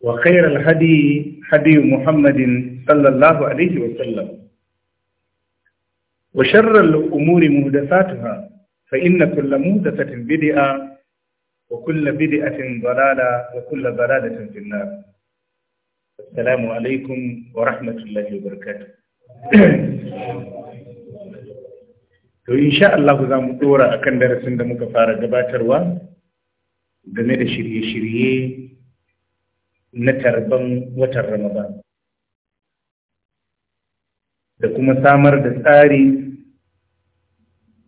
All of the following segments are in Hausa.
وخير الهدي هدي محمد صلى الله عليه وسلم وشر الأمور مهدفاتها فإن كل مهدفة بدئة وكل بدئة ضلالة وكل ضلالة في النار السلام عليكم ورحمة الله وبركاته to insha Allah za mu dora akan darasin da muka fara gabatarwa game da shirye-shirye na tarban watan Ramadan da kuma samar da tsari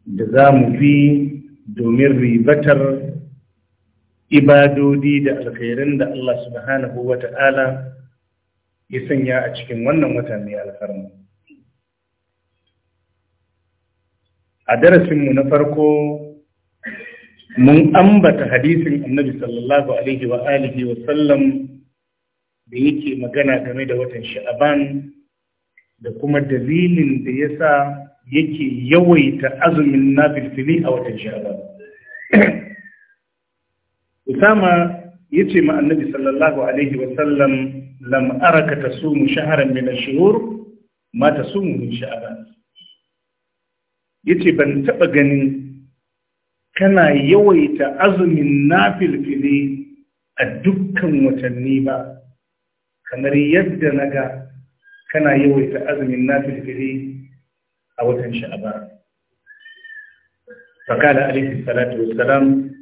da za mu bi domin ribatar ibadodi da alkhairin da Allah subhanahu wa ta'ala ya sanya a cikin wannan wata mai alfarma. A darasinmu na farko mun ambata hadisin annabi sallallahu Alaihi wa alihi wa sallam da yake magana game da watan sha'aban da kuma dalilin da ya sa yake yawaita azumin nafilfili a watan sha'aban usama ya ce ma sallallahu alaihi wasallam lam araka tasumu shaharan min ash-shuhur ma tasumu min sha'aban Ya ce ban taɓa ganin kana yawaita azumin nafilfili a dukkan watanni ba kamar yadda na ga kana yawaita azumin na filfili a watan sha'abar fakala alaihi salatu wassalam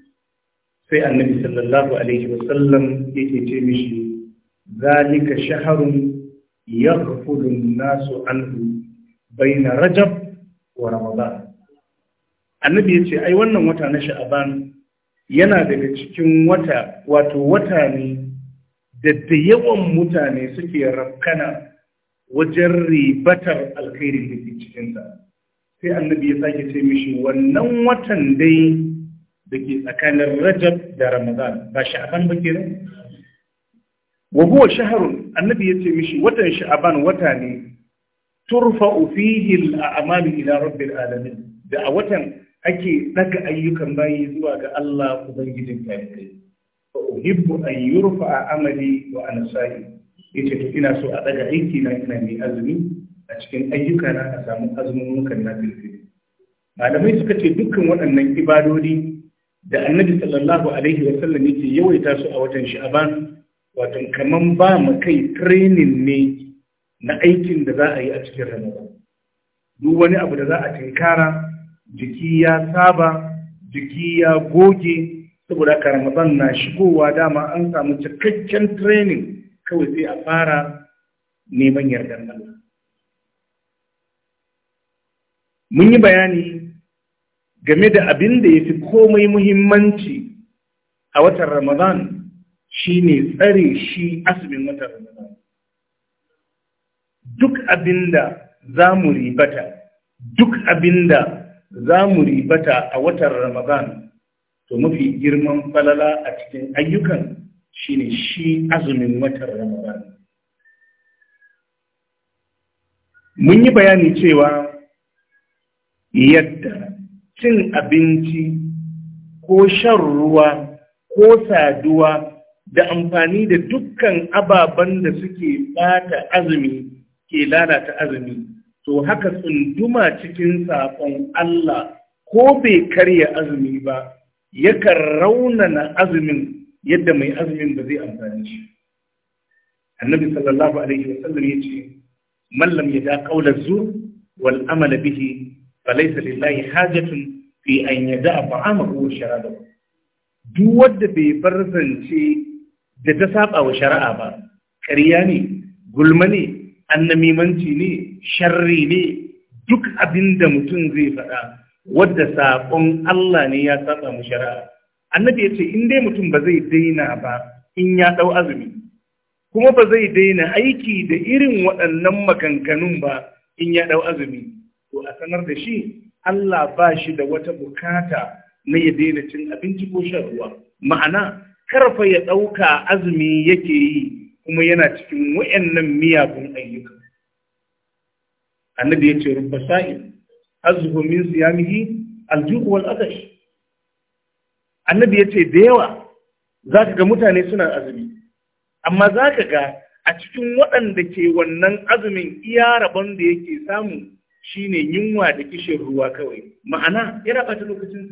sai annabi sallallahu alaihi wasallam yake ce mishi zalika shaharun ya rufudun nasu anhu na rajab wa ramadan annabi ya ce ai wannan wata na sha'aban yana daga cikin wata wato wata ne da da yawan mutane suke rafkana wajen ribatar alkhairin da ke cikinsa sai annabi ya sake ce mishi wannan watan dai da ke tsakanin rajab da ramadan ba sha'aban ba kenan wa huwa shahrun annabi ya ce mishi watan sha'aban wata ne turfa fihi al'amalu ila rabbil alamin da a watan ake daga ayyukan bayi zuwa ga Allah ubangijin kai fa uhibbu an a amali wa sa'i yace to ina so a daga aiki na ina mai azumi a cikin ayyuka na a samu azumin muka na filfili malamai suka ce dukkan waɗannan ibadodi da annabi sallallahu alaihi wa sallam yake yawaita su a watan sha'aban wato kamar ba mu kai training ne na aikin da za a yi a cikin ramadan duk wani abu da za a tinkara jiki ya saba jiki ya goge saboda ka ramadan na shigowa dama an samu cikakken training kawai sai a fara neman yardar nan mun yi bayani game da abin da ya fi komai muhimmanci a watan ramadan ne tsare shi asibin watan ramadan duk abin da za mu ribata duk abin da za mu ribata a watan ramadan to mafi girman falala a cikin ayyukan shine shi azumin watan ramadan mun yi bayani cewa yadda cin abinci ko shan ruwa ko saduwa da amfani da dukkan ababen da suke bata azumi ke lalata azumi to haka tsunduma cikin saƙon Allah ko bai karya azumi ba yakan raunana azumin yadda mai azumin ba zai amfani shi annabi sallallahu alaihi wa sallam ya ce Mallam ya yada qawla zur wal amala bihi falaysa lillahi hajatun fi an yada ta'amahu wa sharabahu duk wanda bai bar zance da ta saba wa shari'a ba ƙarya ne gulma ne annamimanci ne sharri ne duk abin da mutum zai faɗa wadda saƙon Allah ne ya saba mu shari'a annabi ya ce in dai mutum ba zai daina ba in ya ɗau azumi kuma ba zai daina aiki da irin waɗannan maganganun ba in ya ɗau azumi to a sanar da shi Allah ba shi da wata bukata na ya daina cin abinci ko shan ruwa ma'ana karfa ya ɗauka azumi yake yi kuma yana cikin wayannan miyagun ayyuka annabi ya ce rubba sa'in azhu min siyamihi aljuhu wal adash annabi yace da yawa zaka ga mutane suna azumi amma zaka ga a cikin waɗanda ke wannan azumin iya rabon da yake samu shine yunwa da kishin ruwa kawai ma'ana yana ɓata lokacin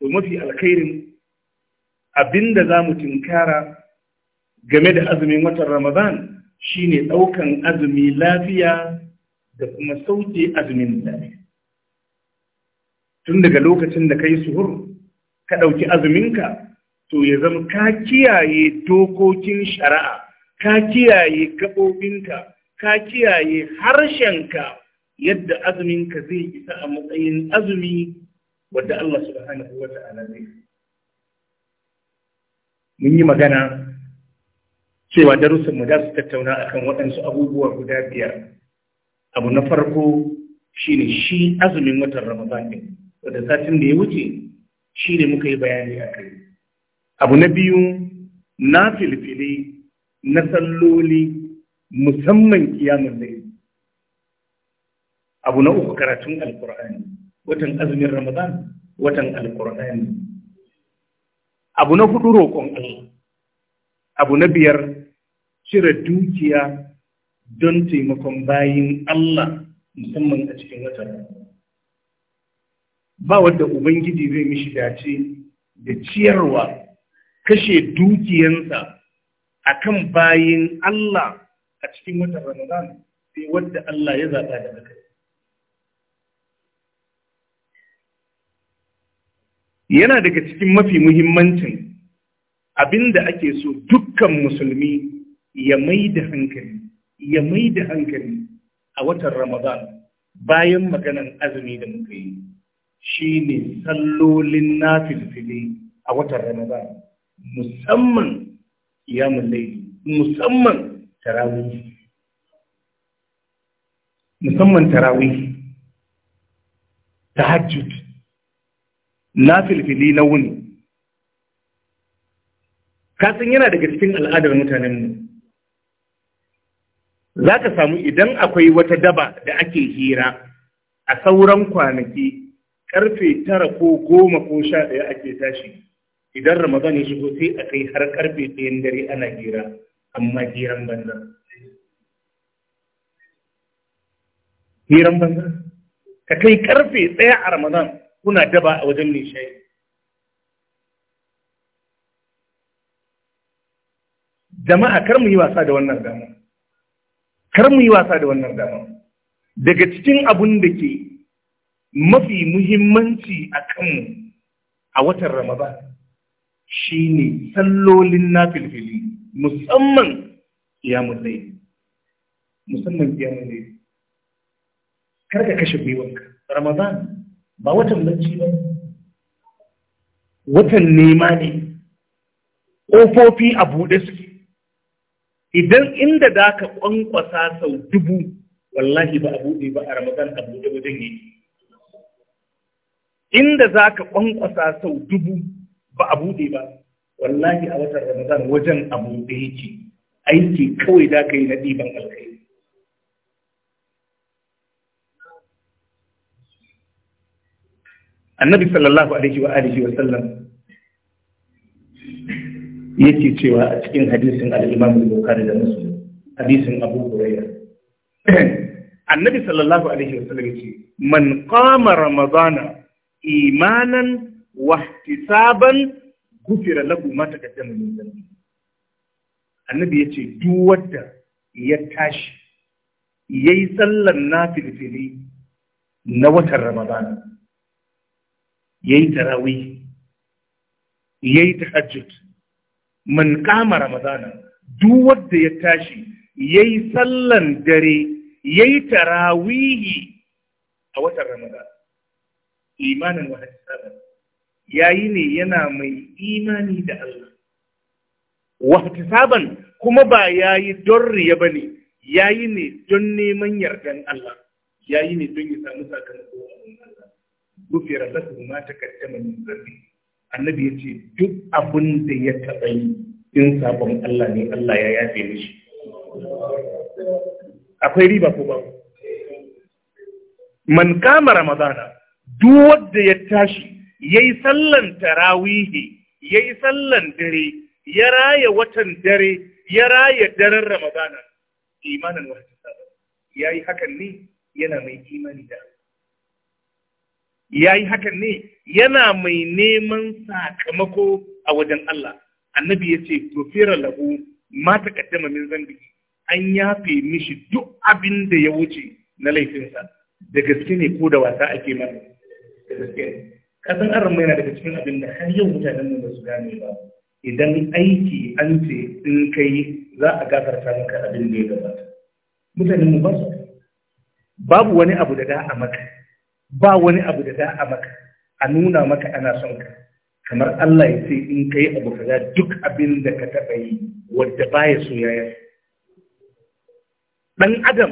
to mafi alkhairin abinda za mu tinkara game da azumin watan ramadan shine ɗaukan azumi lafiya da kuma sauke azumin da tun daga lokacin da kai suhur ka ɗauki azuminka to ya zama ka kiyaye dokokin shari'a ka kiyaye gaɓoɓinka ka kiyaye harshenka yadda azuminka zai isa a matsayin azumi wadda Allah subhanahu wa ta'ala zai mun yi magana cewa darussan mu da su tattauna akan waɗansu abubuwa guda biyar abu na farko shi ne shi azumin watan ramadan wata wanda satin da ya wuce shi ne muka yi bayani a kai abu na biyu na filfili na salloli musamman kiyamun dai abu na uku karatun alkur'ani watan azumin ramadan watan alkur'ani abu na hudu roƙon Allah abu na biyar cire dukiya don taimakon bayin Allah musamman a cikin watan ba wadda ubangiji zai mishi dace da ciyarwa kashe dukiyansa akan bayin Allah a cikin watan Ramadan sai wadda Allah ya zaɓa da haka yana daga cikin mafi muhimmancin abinda ake so dukkan musulmi ya mai da hankali ya mai da hankali a watan Ramadan bayan maganan azumi da muka yi shi ne sallolin na filfili a watan Ramadan musamman ya laili musamman tarawih musamman tarawih hajjut na filfili na wuni kasan yana daga cikin al'adar mutanenmu za ka samu idan akwai wata daba da ake hira a sauran kwanaki karfe tara ko goma ko sha ɗaya ake tashi idan ramadan ya shigo sai a kai har karfe ɗayan dare ana hira amma hiran banza hiran banza ka kai karfe ɗaya a ramadan kuna daba a wajen mai shayi jama'a kar mu yi wasa da wannan damar kar mu yi wasa da wannan dama daga cikin abun da ke mafi muhimmanci a kanmu a watan ramadan shine sallolin nafilfili musamman ya laili musamman ya laili kar ka kashe biwanka ramadan ba watan bacci ba watan nema ne ƙofofi a buɗe suke idan inda da ka kwankwasa sau dubu wallahi ba a buɗe ba a ramadan a buɗe wajen yake inda za ka kwankwasa sau dubu ba a buɗe ba wallahi a watan ramadan wajen a buɗe yake aiki kawai da ka yi na ɗiban alkai annabi sallallahu alaihi wa alihi wa sallam yake cewa a cikin hadisin al-Imam Bukhari da Muslim hadisin Abu Hurairah Annabi sallallahu alaihi wasallam yace man qama ramadana imanan wa ihtisaban gufira lahu ma taqaddama min dhanbi Annabi yace duk wanda ya tashi yayi sallan nafilfili na watan Ramadana yayi tarawih yayi tahajjud man kama ramadana duk wanda ya tashi yayi sallan dare yayi tarawihi a watan ramadan imanin wa yayi ne yana mai imani da Allah wa kuma ba yayi don riya bane yayi ne don neman yardan Allah yayi ne don ya samu sakamako a Allah gufira lahu ma taqaddama min annabi ya ce duk abin da ya taɓa yi in sabon Allah ne Allah ya yafe shi. akwai riba ko ba man kama ramadana duk wanda ya tashi ya yi sallan tarawihi ya yi sallan dare ya raya watan dare ya raya daren ramadana imanan ya yi hakan ne yana mai imani da ya yi hakan ne yana mai neman sakamako a wajen Allah annabi ya ce tofera lahu ma ta kaddama min zambi an yafe mishi duk abin da ya wuce na laifinsa da gaske ne ko da wasa ake mana da gaske ne kasan aran mai na daga cikin abin da har yau mutanen mu ba su gane ba idan aiki an ce in kai za a gafarta maka abin da ya gabata mutanen mu ba su babu wani abu da da a maka ba wani abu da za a maka a nuna maka ana son ka kamar Allah ya ce in kai abu kaza duk abin da ka taɓa yi wadda baya so yaya dan adam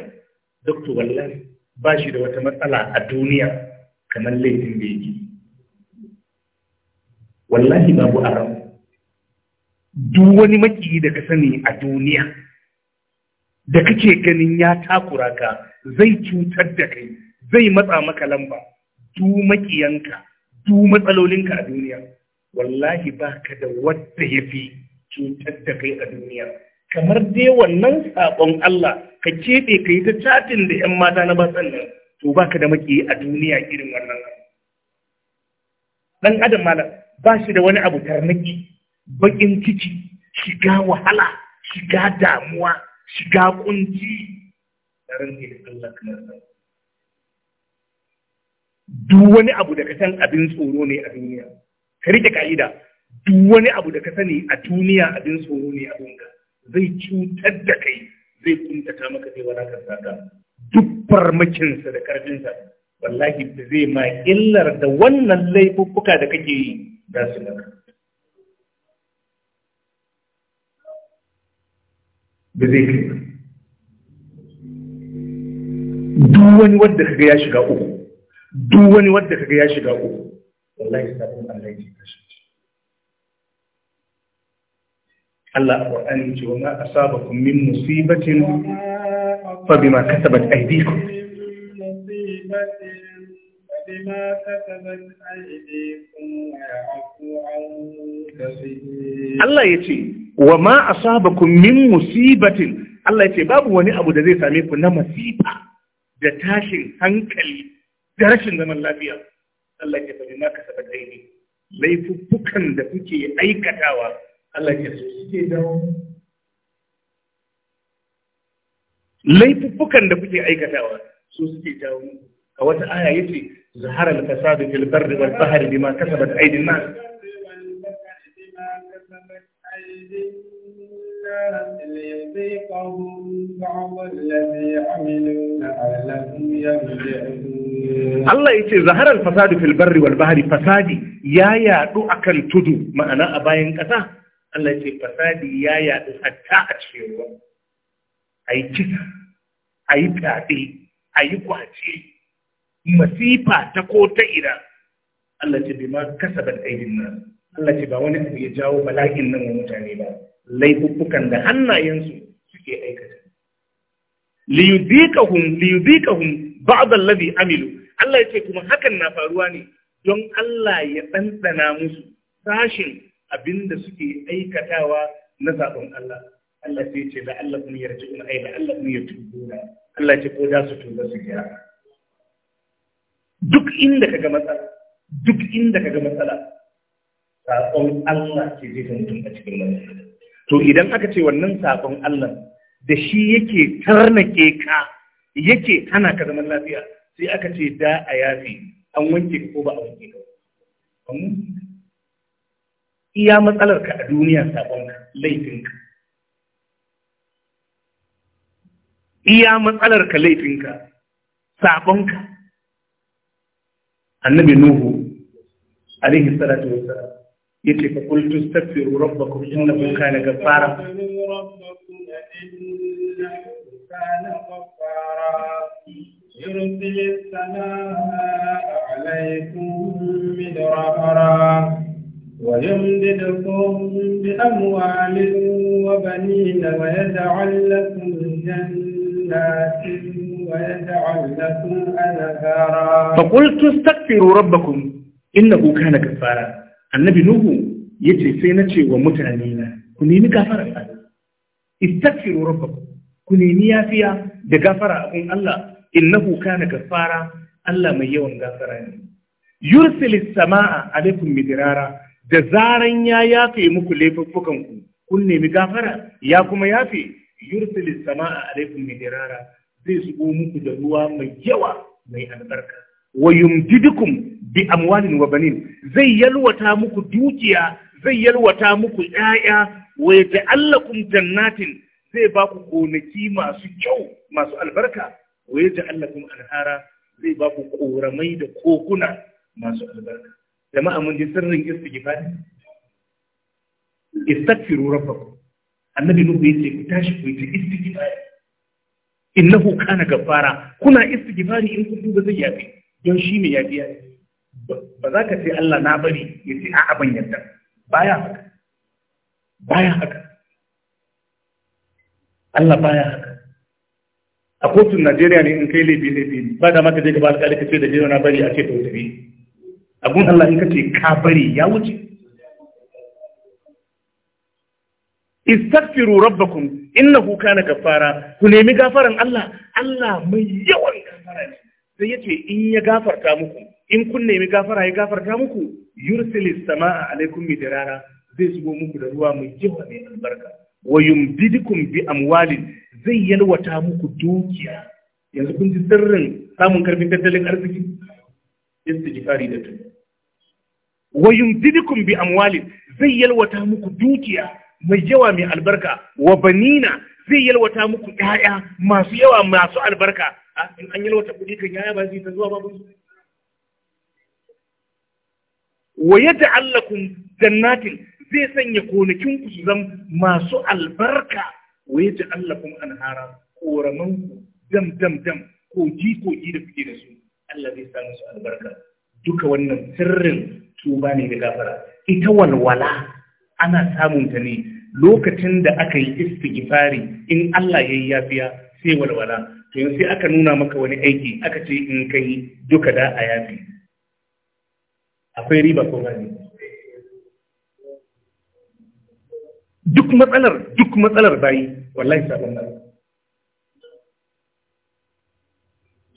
doctor wallahi ba shi da wata matsala a duniya kamar laifin da yake wallahi babu aram duk wani makiyi da ka sani a duniya da kake ganin ya takura ka zai cutar da kai zai matsa maka lamba du makiyanka du matsalolinka a duniya wallahi ba ka da wadda ya fi cutar da kai a duniya kamar dai wannan saƙon Allah ka keɓe ka yi ta catin da 'yan mata na batsan nan to ba ka da maki a duniya irin wannan ɗan adam malam ba shi da wani abu tarnaki baƙin ciki shiga wahala shiga damuwa shiga kunci da ran da Allah kan duk wani abu da ka san abin tsoro ne a duniya ka rike ka'ida duk wani abu da ka sani a duniya abin tsoro ne a duniya zai cutar da kai zai kuntata maka zai wadatar saka duk farmakinsa da karfinsa wallahi da zai ma illar da wannan laifuffuka da kake yi za su maka ba zai kai duk wani wanda kaga ya shiga uku duk wani wadda kaga ya shiga uku wallahi sabon Allah ya kashe Allah Qur'ani ce wa ma asabakum min musibatin fa bima kasabat aydikum بما كتبت أيديكم ويعفو عن كثير min musibatin, Allah ya ce babu wani abu da zai same ku na masifa da tashin hankali da rashin zaman lafiya Allah ya faɗi maka saba daidai laifuffukan da kuke aikatawa Allah ya so suke dawo laifuffukan da kuke aikatawa su suke dawo a wata aya yace zahara al-fasadu fil barri wal bahri bima kasabat aydin nas الناس ليذيقهم بعض الذي عملوا لعلهم يرجعون الله يتي ظهر الفساد في البر والبحر فسادي يا يا دو أكل تدو معنا أباين كذا الله يتي فسادي يا يا دو حتى أتشيروا أي كذا أي تعدي أي قواتي masifa ta ko ta ira Allah ce bima kasabat aidin nan Allah ce ba wani abu ya jawo bala'in nan wa mutane ba laifuffukan da hannayensu suke aikata liyudhiqahum liyudhiqahum ba'd alladhi amilu Allah ya ce kuma hakan na faruwa ne don Allah ya ɗanɗana musu sashin abinda suke aikatawa na zaɓen Allah. Allah sai ce da Allah kun yarji in ai da Allah kun yarji gona. Allah ce ko da su tuba su kira. Duk inda kaga matsala, duk inda kaga matsala, saƙon Allah ke zai mutum a cikin wannan to idan aka ce wannan saƙon Allah da shi yake tarnake ka yake hana ka zaman lafiya sai aka ce da a yafi an wanke ko ba a wanke ka iya matsalar ka a duniya saƙon ka. iya matsalar ka laifin laifinka saƙonka annabi nuhu alaihi salatu wassalam yace فقلت qul ربكم إنه كان kana يرسل السماء عليكم مدرارا ويمددكم بأموال وبنين ويجعل لكم جنات ويجعل لكم أنهارا فقلت استغفروا ربكم إنه كان كفارا annabi nuhu ya ce sai na ce wa mutane na ku nemi gafara Allah istaghfiru rabbakum ku nemi yafiya da gafara a abin Allah innahu kana gafara Allah mai yawan gafara ne yursilis samaa alaikum midrara da zaran ya yafe muku laifuffukan ku kun nemi gafara ya kuma yafe yursilis samaa alaikum midrara zai su muku da ruwa mai yawa mai albarka wa yumdidukum bi amwalin wa banin zai yalwata muku dukiya zai yalwata muku ƴaƴa wa yaj'alakum jannatin zai ba ku gonaki masu kyau masu albarka wa yaj'alakum alhara, zai ba ku koramai da kokuna masu albarka jama'a mun jin sirrin istighfar istaghfiru rabbakum annabi nuhu yace ku tashi ku yi istighfar innahu kana gafara kuna istighfari in kun duba zai yafi don shi ne ya biya ba za ka ce Allah na bari ya ce a abin yadda baya haka baya haka Allah baya haka a kotun Najeriya ne in kai laifi laifi ba da maka je gaba ba alƙali ka ce da jiyo na bari a ce ta wuce abun Allah in ka ce ka bari ya wuce istaghfiru rabbakum innahu kana gafara ku nemi gafaran Allah Allah mai yawan gafara ne sai yace in ya gafarta muku in kun nemi gafara ya gafarta muku yursilis sama'a alaikum midrara zai shigo muku da ruwa mai jiwa mai albarka wa yumdidukum bi amwalin zai yalwata muku dukiya yanzu kun ji sirrin samun karfin tattalin arziki istighfari da tun wa yumdidukum bi amwalin zai yalwata muku dukiya mai yawa mai albarka wa banina zai yalwata muku ƴaƴa masu yawa masu albarka in an yi wata kuɗi kan yaya ba zai ta zuwa babu wa yadda allakun jannatin zai sanya gonakin ku su zama masu albarka wa yadda allakun anhara koraman ku dam dam dam koji koji da kuke da su Allah zai sa musu albarka duka wannan sirrin tuba ne da gafara ita walwala ana samun ta ne lokacin da aka yi istighfari in Allah ya yi yafiya sai walwala to yanzu sai aka nuna maka wani aiki aka ce in kai duka da a yafi akwai riba ko gani duk matsalar duk matsalar bayi wallahi sabon nan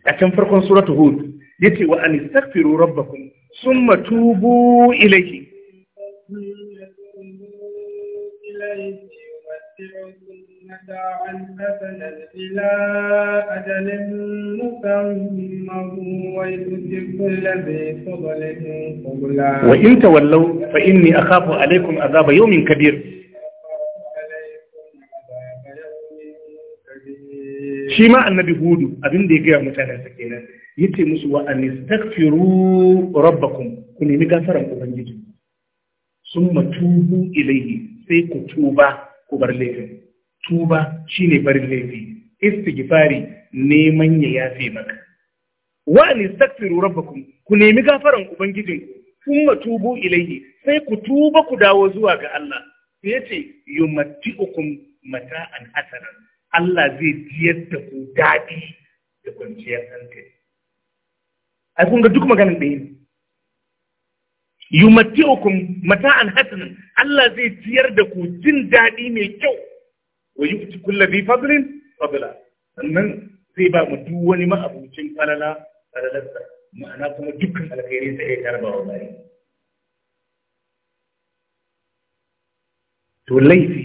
a can farkon suratu hud yace wa an istaghfiru rabbakum summa tubu ilayhi وإن تولوا فإني أخاف عليكم عذاب يوم كبير شيما النبي هود أبن دي جاء متانا سكينة يتي مسوى أن يستغفروا ربكم كني مغفرا أبن جيتم ثم توبوا إليه سيكو توبا ku bar laifin tuba shine barin laifi istighfari neman ya yafe maka wa an istaghfiru rabbakum ku nemi gafaran ubangijin kuma tubu ilayhi sai ku tuba ku dawo zuwa ga Allah sai yace mata mata'an hasanan Allah zai jiyar da ku daɗi da kwanciyar hankali ai kun ga duk maganin da yi yumatiukum mata'an hasanan Allah zai ciyar da ku jin daɗi mai kyau wa yu'ti kulli dhi fadlin fadla sannan zai ba mu duk wani ma'abucin falala falalarsa ma'ana kuma dukkan alkhairi sai ya karba wa bayi to laifi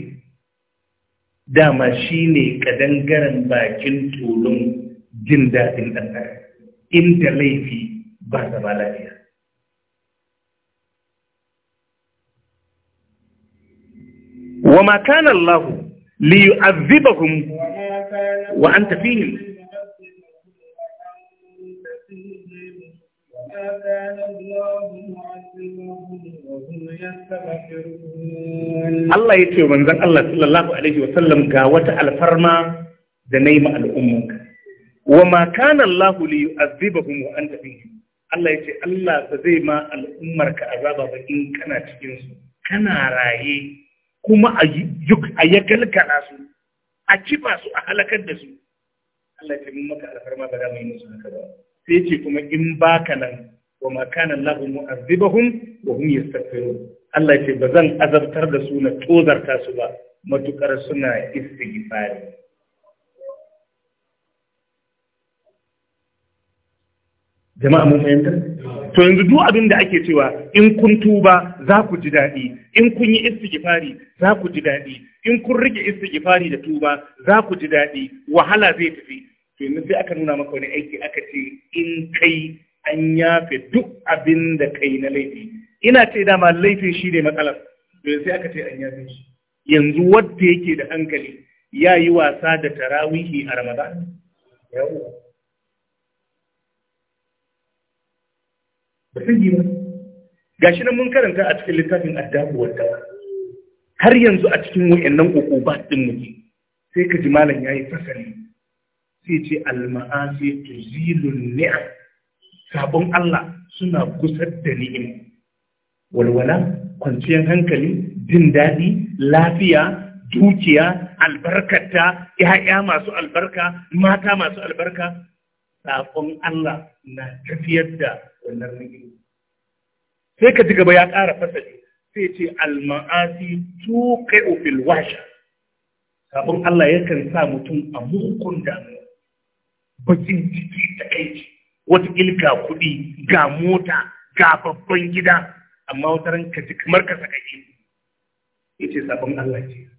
dama shine kadangaren bakin tulun jin daɗin ɗan inda laifi ba ba lafiya wa ma kana Allah li yu'adhibahum wa anta fihim Allah ya ce manzon Allah sallallahu alaihi wa sallam ga wata alfarma da nayi ma al'ummanka wa ma kana Allah li yu'adhibahum wa an fihim Allah ya ce Allah ba zai ma al'ummarka azaba ba in kana cikinsu. kana raye kuma a yagalkala su a kifa su a halakar da su Allah ya maka alfarma ba za mu yi musu haka ba sai ce kuma in ba ka nan wa ma kana Allah mu'azzibahum wa hum yastaghfirun Allah ce ba zan azabtar da su na tozarta su ba matukar suna istighfari jama'a mun fahimta to yanzu duk abin da ake cewa in kun tuba za ku ji daɗi in kun yi istighfari za ku ji daɗi in kun rike istighfari da tuba za ku ji daɗi wahala zai tafi to yanzu sai aka nuna maka wani aiki aka ce in kai an yafe duk abin da kai na laifi ina ce dama laifin shi ne matsalar to yanzu sai aka ce an yafe shi yanzu wanda yake da hankali ya yi wasa da tarawihi a ramadan yawwa ba sani nan mun karanta a cikin littafin addabu wadda har yanzu a cikin wayannan ɗin mu muke sai ka ji malam ya yi fasali sai ce al-ma'asi tuzilun ni'a. sabon Allah suna gusar da ni'im walwala kwanciyar hankali jin daɗi lafiya dukiya albarkata ya'ya masu albarka mata masu albarka sabon Allah na tafiyar da wannan rigi sai ka ji gaba ya ƙara fasali sai ce alma'asi tuqi ofil washa sabon Allah ya kan sa mutum a muhukun da bakin jiki ta kai wata ilka kuɗi ga mota ga babban gida amma wata ran ka ji kamar ka saka ce sabon Allah ce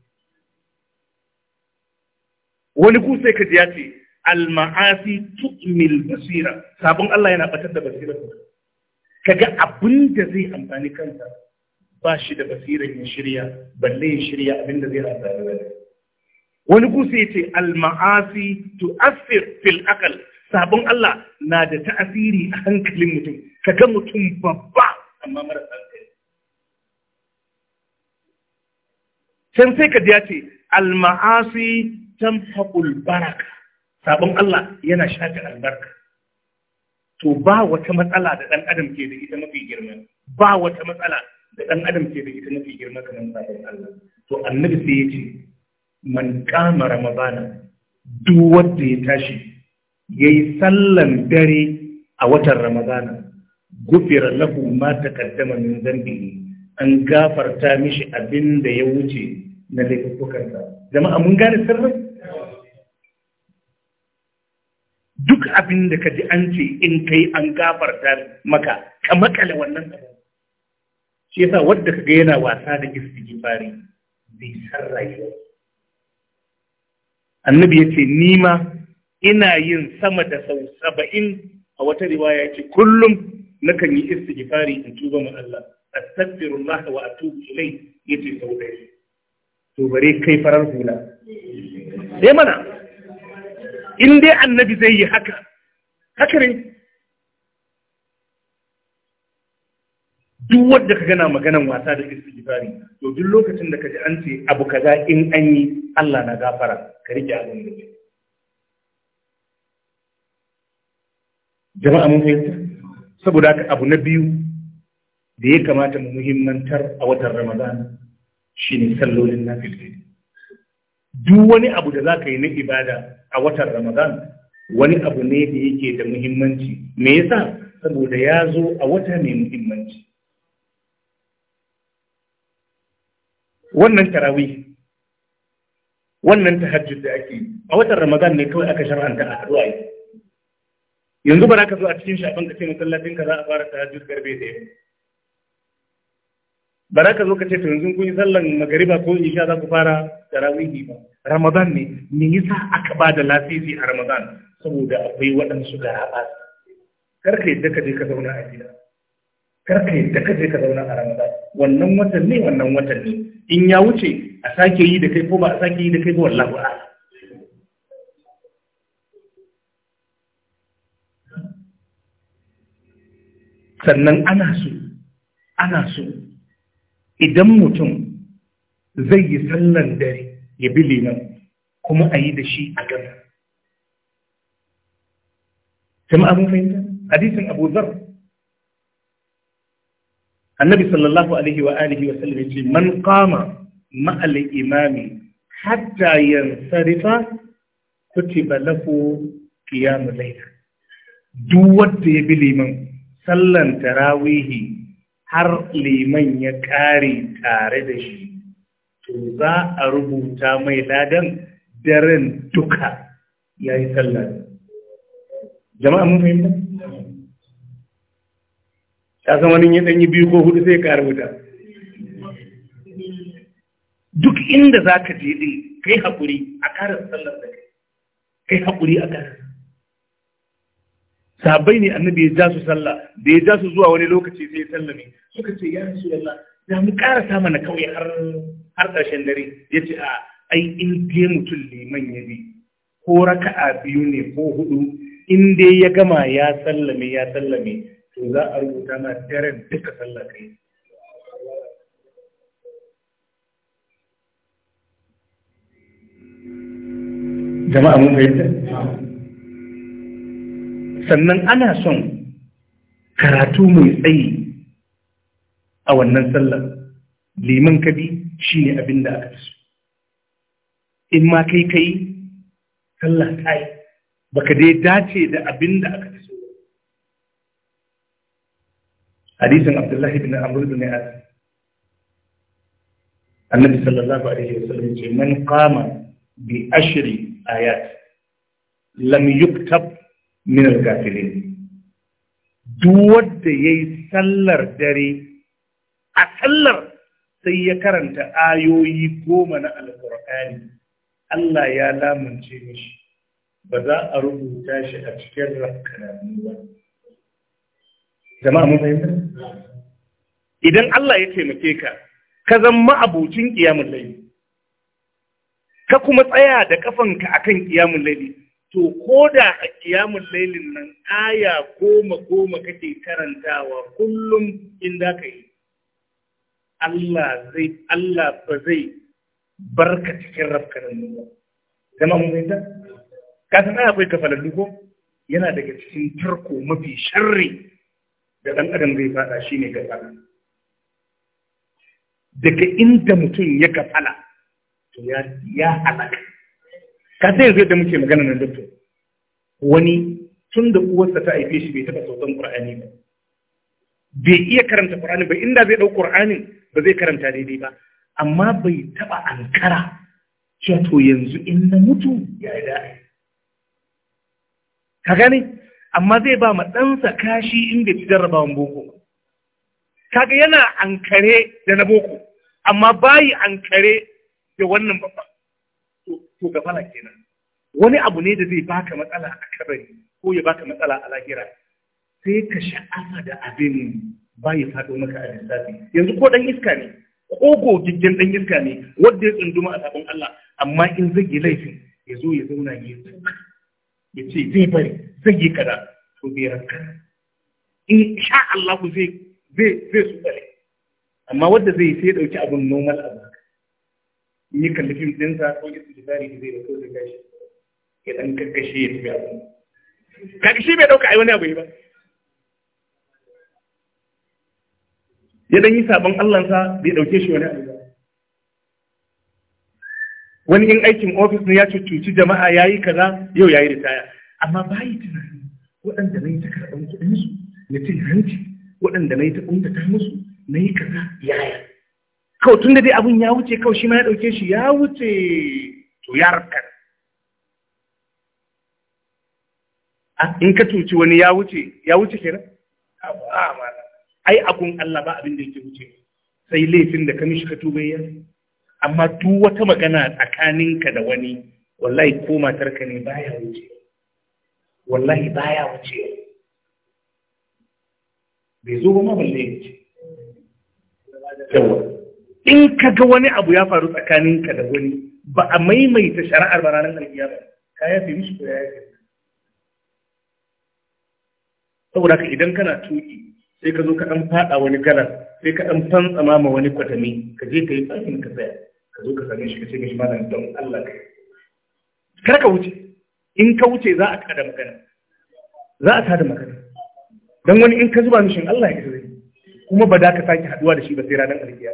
wani ku sai ka ji ya ce al-ma'asi tu'mil basira sabon Allah yana batar da basira kaga abin da zai amfani kanta ba shi da basirar ya shirya balle ya shirya abin da zai amfani wani wani ku sai ce al-ma'asi tu'assir fil aqal sabon Allah na da ta'asiri a hankalin mutum kaga mutum babba amma mara hankali can sai ka ji alma'asi ce al-ma'asi tamhaqul baraka sabon Allah yana shafi albarka to ba wata matsala da ɗan adam ke da ita mafi girma ba wata matsala da ɗan adam ke da ita mafi girma kamar sabon Allah to annabi sai ya ce man kama ramadana duk wanda ya tashi yayi sallan dare a watan ramadana gufira lahu ma takaddama min dhanbihi an gafarta mishi abin da ya wuce na laifukansa jama'a mun gane sirrin abin da ka ji an ce in kai an gafarta maka ka makale wannan ba, shi yasa wadda kaga yana wasa da istighfari bai san rayuwa annabi yace ni ma ina yin sama da sau saba'in a wata riwaya yace kullum nakan yi istighfari in tuba ma Allah astaghfirullah wa atubu ilai yace sau ɗaya to bare kai farar hula sai mana in dai annabi zai yi haka haka ne duk wanda ka gana maganan wasa da istighfari to duk lokacin da ka ji an ce abu kaza in an yi Allah na gafara ka rike abin da jama'a mun fahimta saboda haka abu na biyu da ya kamata mu muhimmantar a watan Ramadan shine sallolin nafilin duk wani abu da zaka yi na ibada a watan Ramadan wani abu ne da yake da muhimmanci me yasa saboda ya zo a wata mai muhimmanci wannan tarawih wannan tahajjud da ake a watan ramadan ne kawai aka shar'anta a haɗu yi yanzu ba za ka zo a cikin shafin ka ce masallacin ka za a fara tahajjud garbe da yau ba za ka zo ka ce to yanzu kun yi sallan magariba ko isha za ku fara tarawihi ba ramadan ne me yasa aka ba da lasisi a ramadan saboda akwai waɗansu da raɓa karka yadda ka je ka zauna a gida karka yadda ka je ka zauna a ramadan wannan watan ne wannan watan ne in ya wuce a sake yi da kai ko ba a sake yi da kai ba wallahi ba sannan ana so ana so idan mutum zai yi sallan dare ya bi liman kuma a yi da shi a gaba jama'a mun fahimta hadisin Abu Dharr Annabi sallallahu alaihi wa alihi wa sallam yace man qama ma'a imami hatta yansarifa kutiba lahu qiyamul layl duk wanda ya bi liman tarawihi har liman ya kare tare da shi to za a rubuta mai ladan daren duka ya yi sallar jama'a mun fahimta ta san wani ya yi biyu ko hudu sai ka rubuta duk inda za ka je ka kai haƙuri a ƙarar sallar da kai kai haƙuri a ƙarar sabai ne annabi ya ja su sallah da ya ja su zuwa wani lokaci sai ya sallame suka ce ya rasu yalla da mu ƙara sama mana kawai har ƙarshen dare ya ce a ai in je mutum liman ya bi ko raka'a biyu ne ko hudu in dai ya gama ya sallame ya sallame to za a rubuta ma daren duka sallah kai jama'a mun fahimta sannan ana son karatu mai tsayi a wannan sallar liman kabi shi ne abin da aka fi in ma kai kai sallah ta yi baka dai dace da abin da aka ci so hadisin abdullahi bin amr bin as annabi sallallahu alaihi wasallam ce man qama bi ashri ayat lam yuktab min al-kafirin duk wanda yayi sallar dare a sallar sai ya karanta ayoyi goma na alkur'ani Allah ya lamunce mishi ba za a rubuta shi a cikin rakanannu ba jama'a mun fahimta idan Allah ya taimake ka ka zama abocin ƙiyamun laili ka kuma tsaya da a akan ƙiyamun laili to ko da a ƙiyamun lailin nan aya goma goma kake karantawa kullum in da ka yi Allah zai Allah ba zai barka cikin rafkanin ba. Zama mun fahimta? kasan ai akwai kafalallu ko yana daga cikin tarko mafi sharri da ɗan adam zai fada shine Allah daga inda mutum ya kafala to ya ya halaka ka sai yanzu yadda muke magana nan doktor wani tun da uwarsa ta haife shi bai taɓa sautan qur'ani ba bai iya karanta qur'ani ba inda zai dauki Qur'ani ba zai karanta daidai ba amma bai taɓa ankara cewa to yanzu in na mutu ya yi da'ai ka gani amma zai ba ma ɗansa kashi inda bai jarraba boko kaga yana ankare da na boko amma bayi ankare da wannan babba to fara kenan wani abu ne da zai baka matsala a kabari ko ya baka matsala a lahira sai ka sha'afa da abin bayi faɗo maka a lissafi yanzu ko ɗan iska ne ko gogiggen ɗan iska ne wanda ya tsunduma a sabon Allah amma in zage laifin ya zo ya zauna ya ya ce zai bari zai yi kada to bai ranka in sha Allah zai zai zai su bari amma wanda zai sai dauki abun normal abu in yi kallafi din sa ko ya tsari da zai da ko gashi ya dan kakkashi ya tafi abun kaga shi bai dauka ai wani abu ba ya dan yi sabon Allah sa bai dauke shi wani abu ba wani in aikin ofis ne ya cuci jama'a ya yi kaza yau ya yi ritaya amma bayi tunani waɗanda na yi ta karɓar kuɗinsu na cin hanci waɗanda na yi ta ta musu na yi kaza yaya kawai tun da dai abin ya wuce kawai shi ma ya ɗauke shi ya wuce to ya rafkar in ka cuci wani ya wuce ya wuce kenan ai akun Allah ba abin da yake wuce sai laifin da ka mishi ka tubayya amma duk wata magana tsakaninka da wani wallahi ko matarka ne baya wuce wallahi baya wuce bai zo ba ma balle ya ce in ka ga wani abu ya faru tsakaninka da wani ba a maimaita shari'ar ba ranar ba, ka ya fi mishi ko ya yi saboda ka idan kana tuki sai ka zo ka ɗan faɗa wani galan, sai ka ɗan fantsama ma wani kwatami ka je ka yi tsakin ka tsaya ka zo ka same shi ka ce mishi malam don Allah kai kar ka wuce in ka wuce za a tada magana za a tada magana Don wani in ka zuba mishin Allah ya zai kuma ba da ka sake haduwa da shi ba sai ranar alkiya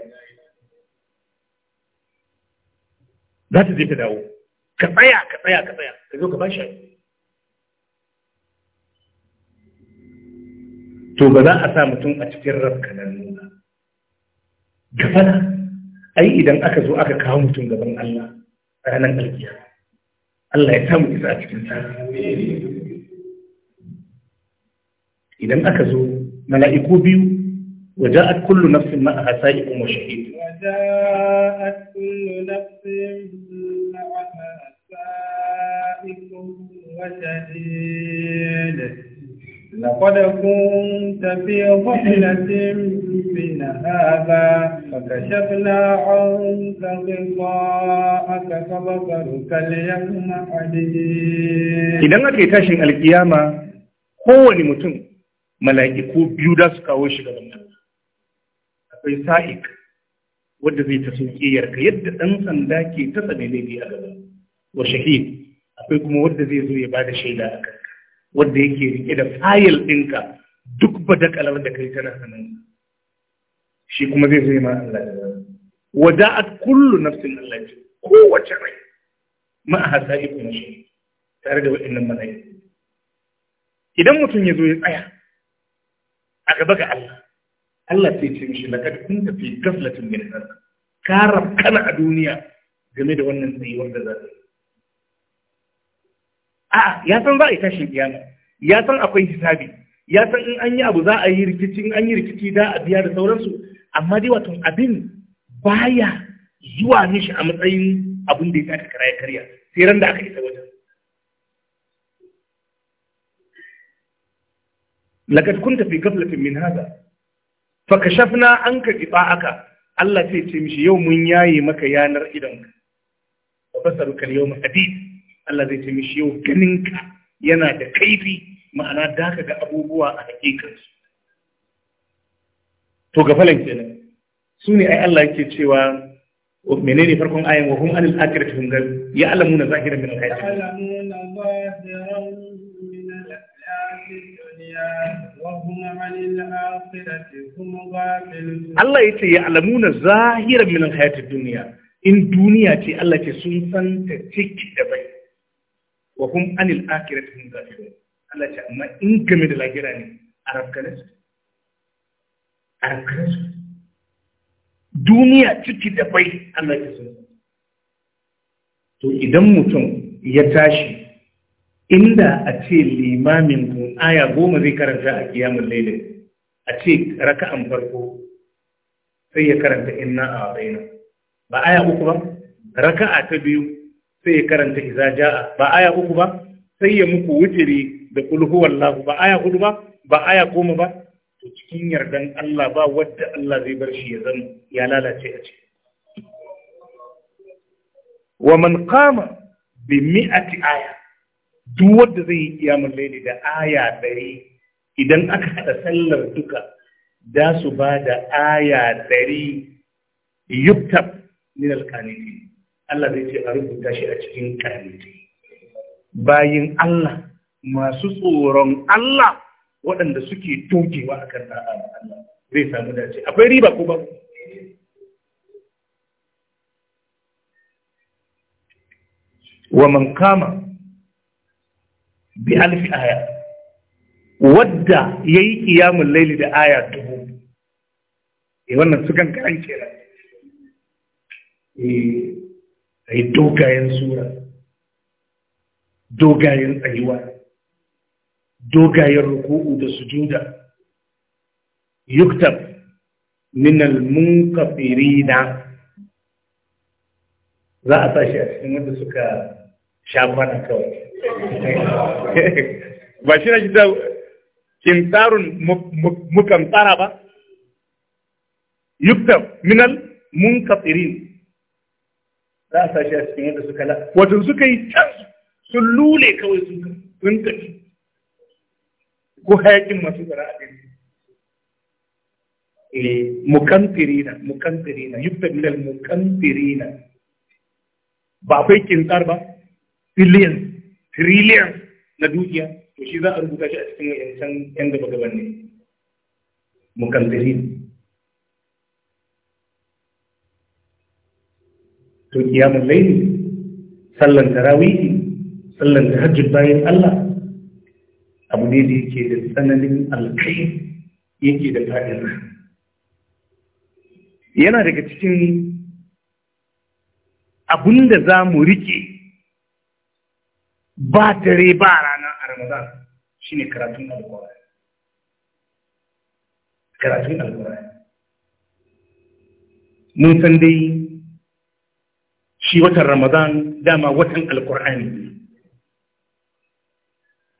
za ta je ta dawo ka tsaya ka tsaya ka tsaya ka zo ka ba shi to ba za a sa mutum a cikin nan nuna gafana أي إذا أكزوا أكا كاومتون دبن الله رنان القيامة الله يتامو إذا أتكنت إذن أكزوا ملائكو بيو وجاءت كل نفس ما أهسائق وشهيد وجاءت كل نفس ما أهسائق وشهيد لقد كنت في ضحلة من هذا فكشفنا عنك غطاءك فبصرك اليوم حديد إذا أنك تاشن القيامة هو لمتن ملائكو بيوداس كاوش غدمنا akwai sa'ik wadda zai ta soƙiyarka yadda ɗan sanda ke ta tsanane ne a gaba wa akwai kuma wadda zai zo ya ba da shaida a kai wanda yake rike da fayil ɗinka duk ba da kalar da kai tana hannun shi kuma zai zai ma Allah da a kullu nafsin Allah ce kowace rai ma a hasari kuma shi tare da waɗannan mala'iku idan mutum ya zo ya tsaya a gaba ga Allah Allah sai ce mishi kun tafi fi ghaflatin min ka rabkana a duniya game da wannan tsayuwar da za ta yi a'a ya san za a yi tashin kiyama ya san akwai hisabi ya san in an yi abu za a yi rikici in an yi rikici za a biya da sauransu amma dai wato abin baya zuwa mishi a matsayin abin da ya taka kara ya karya sai ran da aka isa wajen laqad kunta fi ghaflatin min hada fa kashafna anka aka. Allah sai ce mishi yau mun yaye maka yanar idanka wa basaruka yau yawma Allah zai ce mishi yau ganinka yana da kaifi ma'ana da ga abubuwa a hakikarsu to ga falon kenan su ne ai Allah yake cewa mene ne farkon ayan wa hum anil akhirati hum ghafil ya'lamuna zahiran min ta hayat Allah ya ce ya'lamuna zahiran min al-hayat ad-dunya in duniya ce Allah ke sun san ta ciki da bai wa hum anil akhirati hum ghafilun Allah ce amma in game da lahira ne arabkane su su duniya ciki da bai Allah ya san to idan mutum ya tashi inda a ce limamin ku aya goma zai karanta a kiyamun lailin a ce raka'an farko sai ya karanta inna a baina ba aya uku ba raka'a ta biyu sai ya karanta iza ja'a ba aya uku ba sai ya muku wutiri da kul huwallahu ba aya hudu ba ba aya goma ba to cikin yardan Allah ba wadda Allah zai bar shi ya zama ya lalace a ce wa man qama bi mi'ati aya duk wanda zai yi kiyamul layli da aya dari idan aka hada sallar duka da su ba da aya dari yuktab min al-qanitin Allah zai ce a rubuta shi a cikin kalmai bayin Allah masu tsoron Allah waɗanda suke tokewa a kan ɗan Allah zai samu dace akwai riba ko ba wa man kama bi alfi aya wadda yi qiyamul laili da aya dubu eh, wannan sukan kan kenan eh, a yi dogayen sura dogayen tsayuwa dogayen ruku'u da sujuda yuktab min al-munkafirina za a tashi a cikin wanda suka shafana kawai ba shi na shi da kintarun mukan tsara ba yuktab min al-munkafirina za a sashi a cikin yadda suka la wato suka yi can sun lule kawai sun rinka ko hayakin masu tsara a gani eh, mukamfirina mukamfirina yubta minal mukamfirina ba akwai kintar ba billions trillion na dukiya to shi za a rubuta shi a cikin yancan yan gaba gaban ne mukamfirin to kiyamun laili sallan tarawih sallan tahajjud bayan Allah abu ne da yake da tsananin alkai yake da fadin yana daga cikin abun da za mu rike ba dare ba rana a ramadan shi ne karatun alkawar karatun mun san dai shi watan Ramadan dama watan Alƙur'ani.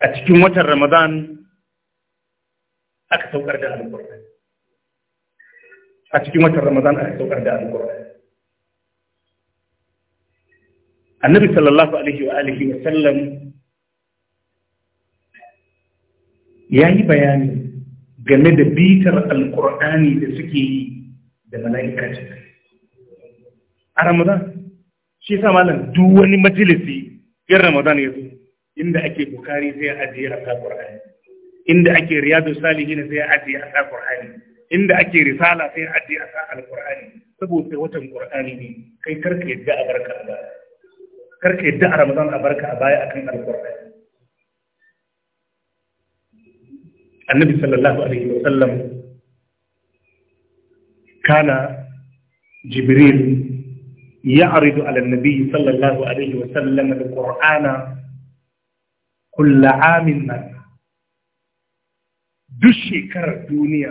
A cikin watan Ramadan aka saukar da Alƙur'ani. A cikin watan Ramadan aka saukar da Alƙur'ani. Annabi sallallahu alaihi wa alihi wa sallam ya yi bayani game da bitar Alƙur'ani da suke yi da mala'ika cikin. A Ramadan shi sa malam duk wani majalisi yan ramadan ya zo inda ake bukari sai a ajiye a sa qur'ani inda ake riyadu salihin sai a ajiye a sa qur'ani inda ake risala sai a ajiye a sa saboda watan qur'ani ne kai karka yadda a barka a baya karka yadda a ramadan a barka a baya akan alqur'ani annabi sallallahu alaihi wa sallam kana jibril يعرض على النبي صلى الله عليه وسلم القرآن كل عام مرة duk shekarar duniya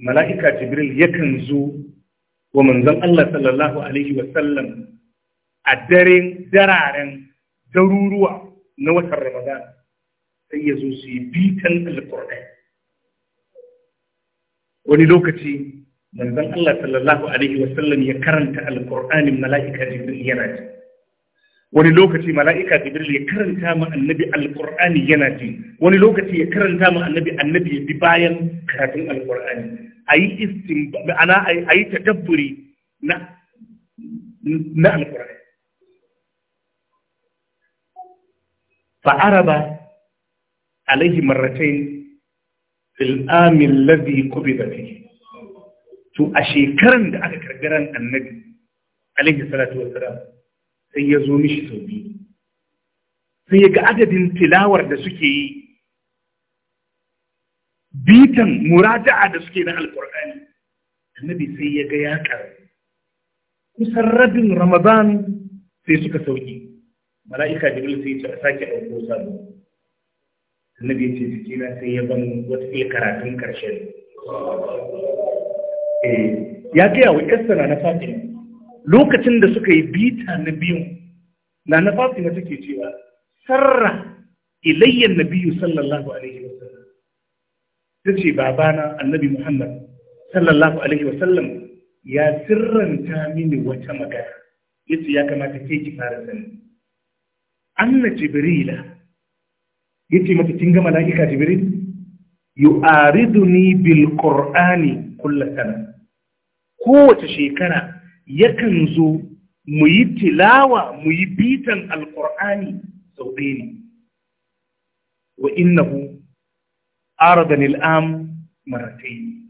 mala'ika jibril yakan zo wa manzon Allah sallallahu Alaihi wasallam a daren dararen daruruwa na watan Ramadan sai ya zo su yi bitan alƙur'ai wani lokaci منذن الله صلى الله عليه وسلم يكرنت القرآن ملائكة جبريل يناجي ونلوكة ملائكة جبريل يكرنت النبي القرآن يناجي ونلوكة يكرنت النبي النبي ببعين كاتم القرآن أي اسم أنا أي, أي تكبري نا نا القرآن فعرب عليه مرتين في الآن الذي قبض فيه to a shekaran da aka kargaran annabi alaihi salatu wassalam sai ya zo mishi sau biyu sai ya ga adadin tilawar da suke yi bitan muraja'a da suke na alkur'ani annabi sai ya ga ya kusan rabin ramadan sai suka sauki mala'ika jibril sai ya sake ɗauko sabo annabi ya ce jikina sai ya ban wata karatun ƙarshen Eh, ya gaya wa yarsa na na lokacin da suka yi bita na biyu na na fatima take cewa sarra ilayyan biyu sallallahu alaihi wasallam ce babana annabi muhammad sallallahu alaihi wasallam ya sirranta mini wata magana Ya ce ya kamata ke ki fara sani anna jibrila ya ce mata kin ga malaika jibril yu'ariduni bil qur'ani kulla sana kowace shekara yakan zo mu yi tilawa mu yi bitan alƙur'ani sau ɗaya ne wa innahu aradan al'am maratai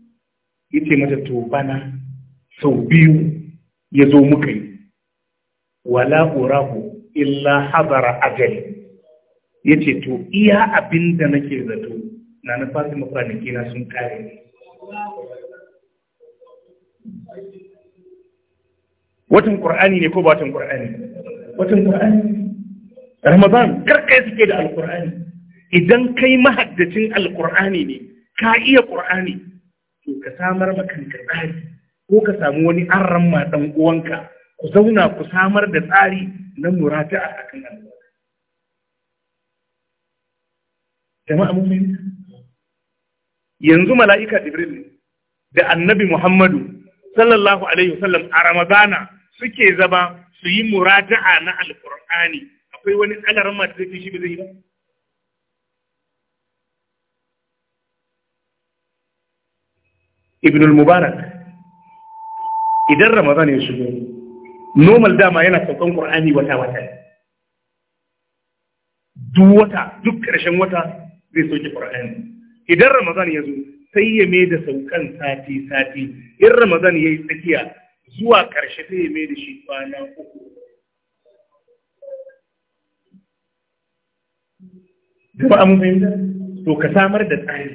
yace mata to bana sau biyu ya zo muka yi wala urahu illa hadara ajali yace to iya abinda nake zato na na fasi kwanaki na sun kare watan qur'ani ne ko ba watan qur'ani watan qur'ani ramadan karkai suke da Alƙur'ani. idan kai mahaddacin Alƙur'ani ne ka iya ƙur'ani, to ka samar maka tsari ko ka samu wani an ramma ɗan uwanka ku zauna ku samar da tsari na murata akan alqur'ani jama'a mu'minin yanzu mala'ika jibril da annabi muhammadu sallallahu alaihi wasallam a ramadana suke zama su yi muraja'a na alqur'ani akwai wani alaran mata da shi ba zai yi ba ibnul mubarak idan ramadan ya shigo normal dama yana saukan qur'ani wata wata duk wata duk ƙarshen wata zai sauke qur'ani idan ramadan ya zo sai ya mai da saukan sati sati in ramazan ya yi tsakiya zuwa ƙarshe sai ya mai da shi kwana uku Jama'a an da to ka samar da tsari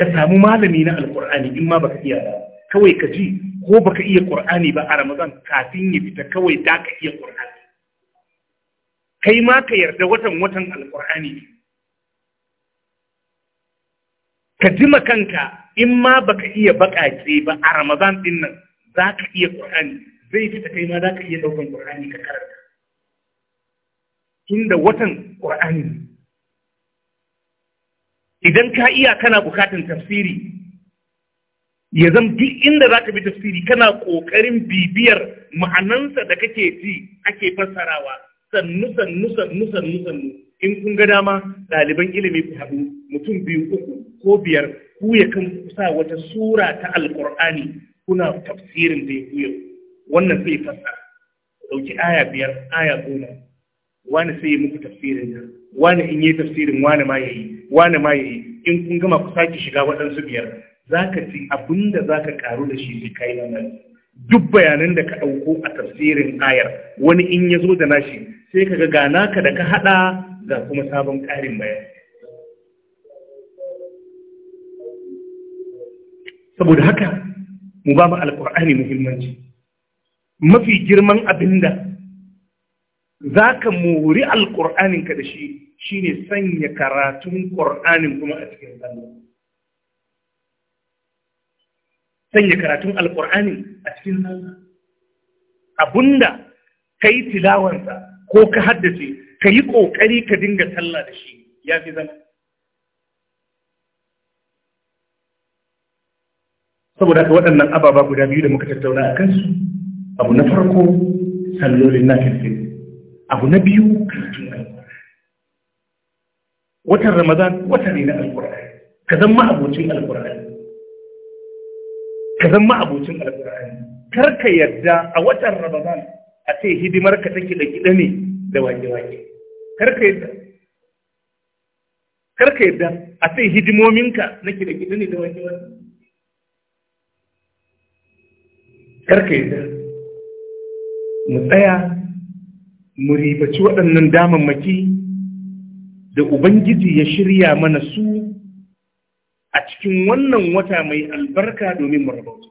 ka samu malami na alkur'ani in ma baka iya ba kawai ka ji ko baka iya ƙur'ani ba a ramazan kafin ya fita kawai da ka iya qur'ani kai ma ka yarda watan watan alkur'ani ka ji kanka in ma baka iya baƙaƙe ba a Ramadan ɗin nan za ka iya Ƙur'ani zai fita kai ma za ka iya ɗaukan Ƙur'ani ka karanta. da watan Ƙur'ani Idan ka iya kana bukatan tafsiri ya zan duk inda za ka bi tafsiri kana ƙoƙarin bibiyar ma'anansa da kake ji ake fassarawa sannu sannu sannu sannu sannu in kun ga dama ɗaliban ilimi ku haɗu mutum biyu uku ko biyar ku ya kan kusa wata sura ta alƙur'ani kuna tafsirin da ya ku wannan sai fassara ɗauki aya biyar aya goma wani sai ya muku tafsirin nan wani in yi tafsirin wani ma yayi wani ma yayi in kun gama ku sake shiga waɗansu biyar Za ka ci abinda ka karu da shi sai kai nan duk bayanan da ka ɗauko a tafsirin ayar wani in ya zo da nashi sai ka ga naka da ka haɗa ga kuma sabon ƙarin bayani saboda haka mu ba mu alƙur'ani muhimmanci mafi girman abinda za ka mori alƙur'aninka da shi shi ne sanya karatun ƙur'anin kuma a cikin sallah sanya karatun alkur'ani a cikin sallah abunda kai tilawansa ko ka haddace ka yi ƙoƙari ka dinga sallah da shi ya fi zama saboda ka waɗannan ababa guda biyu da muka tattauna a kansu abu na farko sallolin na kirkin abu na biyu karatun alkur'ani watan ramadan wata ne na alkur'ani ka zama abocin alkur'ani zan ma'abocin alƙur'ani kar ka yarda a watan ramadan a ce hidimar ka ta kiɗa gida ne da wake-wake kar ka yarda kar ka yarda a ce hidimominka nake kiɗa gida ne da wake-wake kar ka yarda mu tsaya mu ribaci waɗannan damammaki da ubangiji ya shirya mana su cikin wannan wata mai albarka domin marabauta.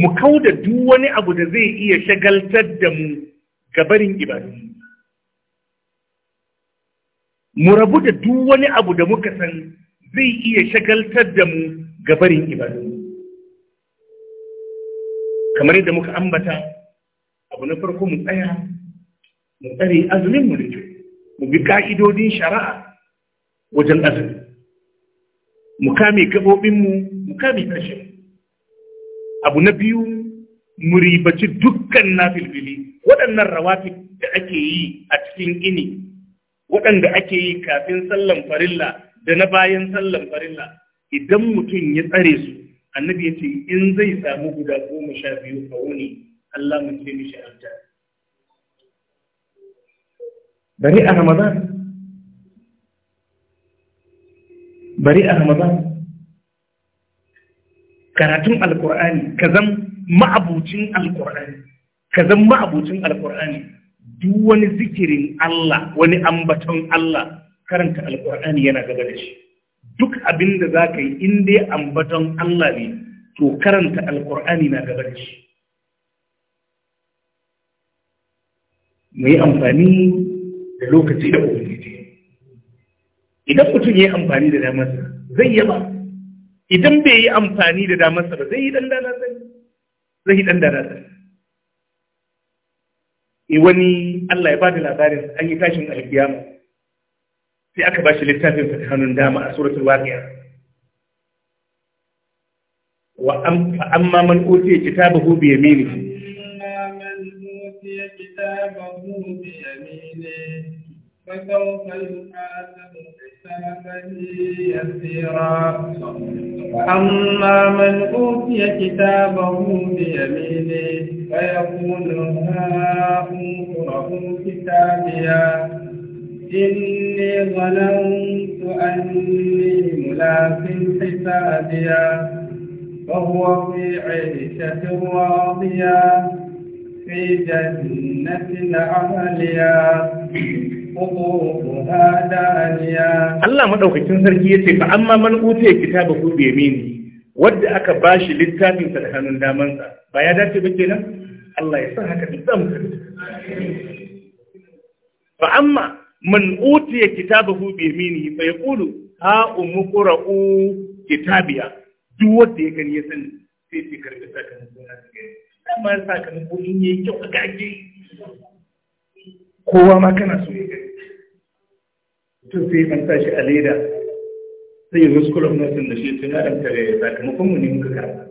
mu kau da duk wani abu da zai iya shagaltar da mu gabarin ibadun mu rabu da duk wani abu da muka san zai iya shagaltar da mu gabarin ibadun kamar yadda muka ambata abu na farko mu tsaya mu tsare azumin mu da mu bi ka'idodin shari'a wajen azumi mu kame gaɓoɓinmu mu kame kashin abu na biyu mu ribaci dukkan nafilfili waɗannan rawafi da ake yi a cikin ini waɗanda ake yi kafin sallan farilla da na bayan sallan farilla idan mutum ya tsare su annabi ya ce in zai samu guda goma sha biyu a wuni Allah mu ce mishi bari a ramadan bari a ramadan karatun alkur'ani ka zan ma'abucin alkur'ani ka zan ma'abucin alkur'ani duk wani zikirin Allah wani ambaton Allah karanta alkur'ani yana gaba da shi duk abin da za ka yi in dai ambaton Allah ne to karanta alkur'ani na gaba da shi mu yi amfani da lokaci da ubangiji idan mutum ya yi amfani da damarsa zai yaba idan bai yi amfani da damarsa ba zai yi dan dana sani zai yi dan dana sani e eh, wani Allah ya bada labarin an yi tashin alkiyama sai aka ba shi littafin fata hannun dama a suratul waqi'a wa amma man utiya kitabahu bi yaminihi amma man utiya kitabahu bi yaminihi فسوف يحاسب حسابا يسيرا أما من أوتي كتابه بيمينه فيقول ها اقرءوا كتابيا إني ظننت أني ملاك حسابيا فهو في عيشة راضية في جنة عالية Allah maɗaukakin sarki ya ce ba amma man utiya kitaba ku bi yamini wadda aka bashi littafin sa da hannun damansa ba ya dace ba kenan Allah ya san haka duk mu fa amma man utiya ku bi yamini fa kulu ha umqra'u kitabiya duk wanda ya gani ya san sai ya karbi sakamakon na gani amma sakamakon in yi kyau ga gaji. kowa ma kana so ya gani mutum sai an tashi a leda sai ya zo school of nursing da shi tun adam ta gaya sakamakon mu ne muka karba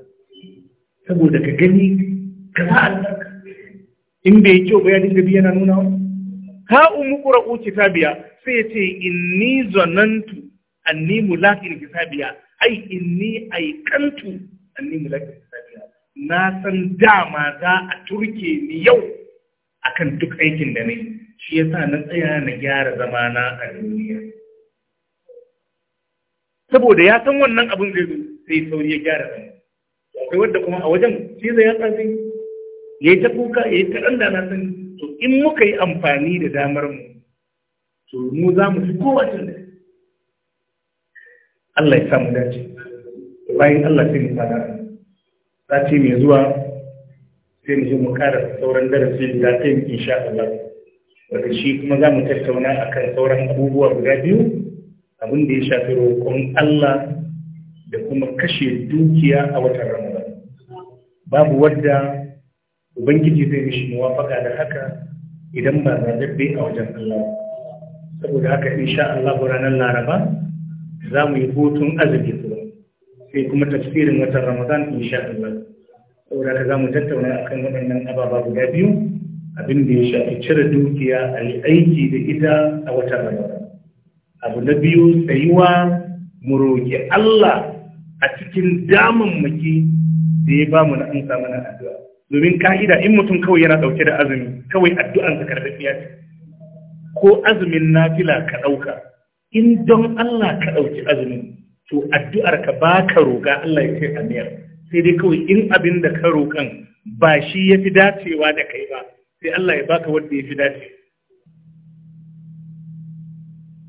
saboda ka gani ka sa Allah in bai kyau ba ya dinga biya na nuna wa ha umu qura'u kitabiya sai ya ce ni zanantu anni ta biya. ai in ni kantu an ni aikantu anni ta biya. na san dama za a turke ni yau akan duk aikin da nayi shi yasa na tsaya na gyara zamana a duniya saboda ya san wannan abin zai zo sai sauri ya gyara zama akwai wadda kuma a wajen shi zai yasa zai ya yi ta kuka ya yi ta ɗan da na sani to in muka yi amfani da damar mu to mu za mu fi kowace da Allah ya samu dace bayan Allah sai mu fada sati mai zuwa sai mu je mu kara sauran darasi da ta yi insha Allah wanda shi kuma za mu tattauna a kan sauran abubuwa guda biyu abinda da ya shafi roƙon Allah da kuma kashe dukiya a watan Ramadan. Babu wadda Ubangiji zai mishi muwafaka da haka idan ba zaɓaɓɓe a wajen Allah. Saboda haka insha Allah ranar Laraba za mu yi hutun azumi kuma sai kuma tafsirin watan Ramadan insha Allah. Saboda haka za mu tattauna akan waɗannan ababa guda biyu. abin da ya shafi cire dukiya a aiki da ita a wata rayuwa abu na biyu tsayuwa mu roƙi Allah a cikin damammaki da ya bamu na an samu addu'a domin ka'ida in mutum kawai yana ɗauke da azumi kawai addu'an ka karɓaɓɓiya ce ko azumin nafila ka ɗauka in don Allah ka ɗauki azumin to addu'ar ka ba ka roƙa Allah ya ce miyar. sai dai kawai in abin da ka roƙan ba shi ya fi dacewa da kai ba sai Allah ya baka wanda ya fi dace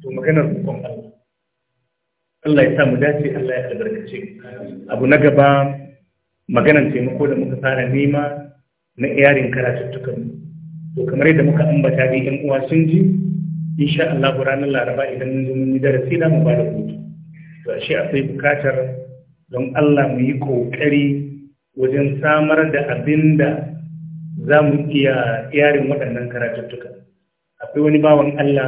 to maganar hukun Allah Allah ya sa mu dace Allah ya albarkace abu na gaba maganar taimako da muka fara nema na iyarin karatuttukan to kamar yadda muka ambata da yan uwa sun ji sha Allah ranar Laraba idan mun zo mun yi darasi da mu ba da hutu to ashe akwai bukatar don Allah mu yi ƙoƙari wajen samar da abinda za mu iya yarin waɗannan karatuttuka akwai wani bawan Allah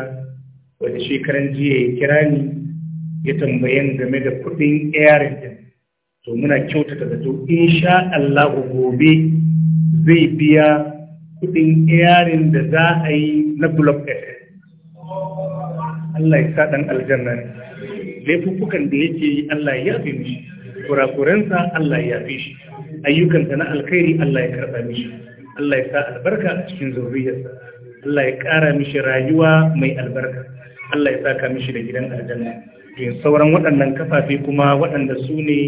wanda shekaran jiya ya kira ni ya tambayan game da kuɗin yarin din to muna kyautata da to insha Allah gobe zai biya kuɗin yarin da za a yi na bulok Allah ya sa ɗan aljanna ne laifuffukan da yake yi Allah ya fi mishi kurakurensa Allah ya fi shi ayyukanta na alkhairi Allah ya karɓa mishi Allah ya sa albarka a cikin zurriyarsa Allah ya ƙara mishi rayuwa mai albarka Allah ya saka mishi da gidan aljanna yin sauran waɗannan kafafe kuma waɗanda su ne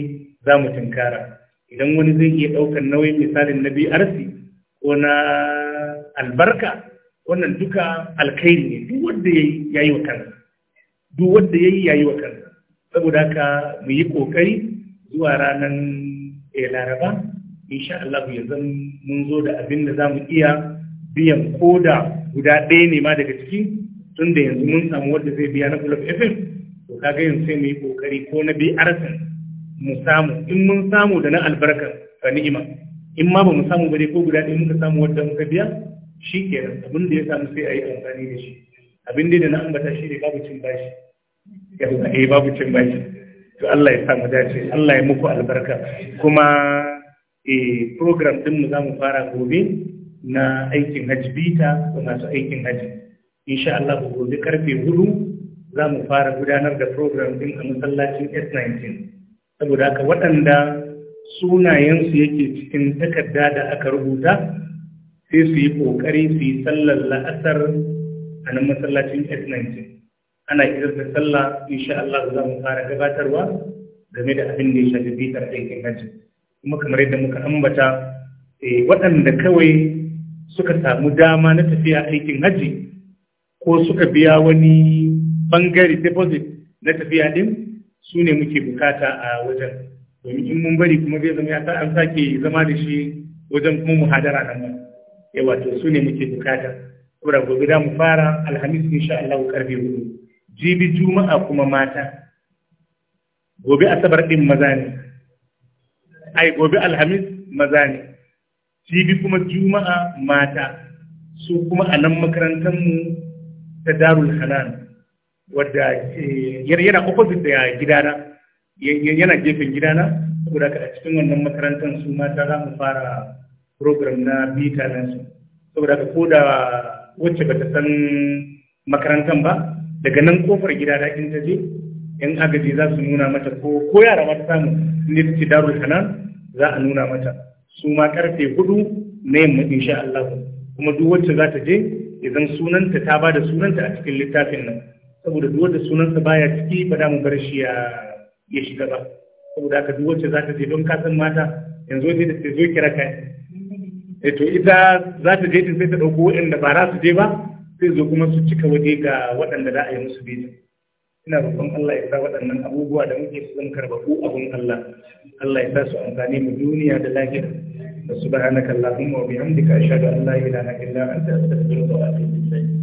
za mu tunkara idan wani zai iya ɗaukar nauyin misalin na arsi ko na albarka wannan duka alkhairi ne duk wanda ya yi wa kansa duk wanda ya yi wa kansa saboda haka mu yi ƙoƙari zuwa ranar eh, laraba insha Allah ya zan mun zo da abin da zamu iya biyan koda guda ɗaya ne ma daga ciki tun da yanzu mun samu wanda zai biya na Club FM to kaga yanzu sai mu yi kokari ko na BRS mu samu in mun samu da na albarka fa ni'ima in ma ba mu samu ba dai ko guda ɗaya muka samu wanda muka biya shi kenan abin da ya samu sai a yi amfani da shi abin da na ambata shi ne babu cin bashi yau eh babu cin bashi to Allah ya sa mu dace Allah ya muku albarka kuma E, program ɗinmu za mu fara gobe na aikin hajji bita ga masu aikin hajji insha Allah gobe karfe hudu za mu fara gudanar da program ɗin a masallacin S19 saboda haka waɗanda sunayensu yake cikin takarda da aka rubuta sai su yi ƙoƙari su yi sallar la'asar a nan masallacin S19 ana kirar da sallah insha Allah za mu fara gabatarwa game da abin da ya shafi bitar aikin hajji kuma kamar yadda muka ambata eh, waɗanda kawai suka samu dama na tafiya aikin hajji ko suka biya wani bangare deposit na tafiya ɗin, su ne muke bukata a wajen domin in mun bari kuma zai zama ya sa an sake zama da shi wajen kuma hadara nan ba yawa eh, to su ne muke bukata kura gobe da mu fara alhamis sha Allah karfe hudu jibi juma'a kuma mata gobe asabar din maza ne ai gobe alhamis maza ne bi kuma juma'a mata su kuma a nan mu ta darul hanan wadda eh, yana opposite da gidana yana gefen gidana saboda ka a cikin wannan makarantar su mata za mu fara program na bita nan su saboda ka ko da wacce ba ta san makarantar ba daga nan kofar gidana in ta je yan agaji za su nuna mata ko ko yara mata ta samu nifti darul hanan za a nuna mata su ma karfe hudu na yamma insha Allah kuma duk wacce za ta je idan sunanta ta bada sunanta a cikin littafin nan saboda duk wanda sunanta baya ciki ba da mu bar shi ya ya shiga ba saboda haka duk wacce za ta je don kasan mata yanzu ne da ta zo kira kai eh to ita za ta je din sai ta dauko wanda ba za su je ba sai zo kuma su cika waje ga waɗanda za a yi musu bidiyo ina roƙon Allah ya sa waɗannan abubuwa da muke su zan karbaku abun Allah Allah ya sa su amfani mu duniya da lahira subhanaka allahumma wa bihamdika ashhadu an la ilaha illa anta astaghfiruka wa atubu ilayk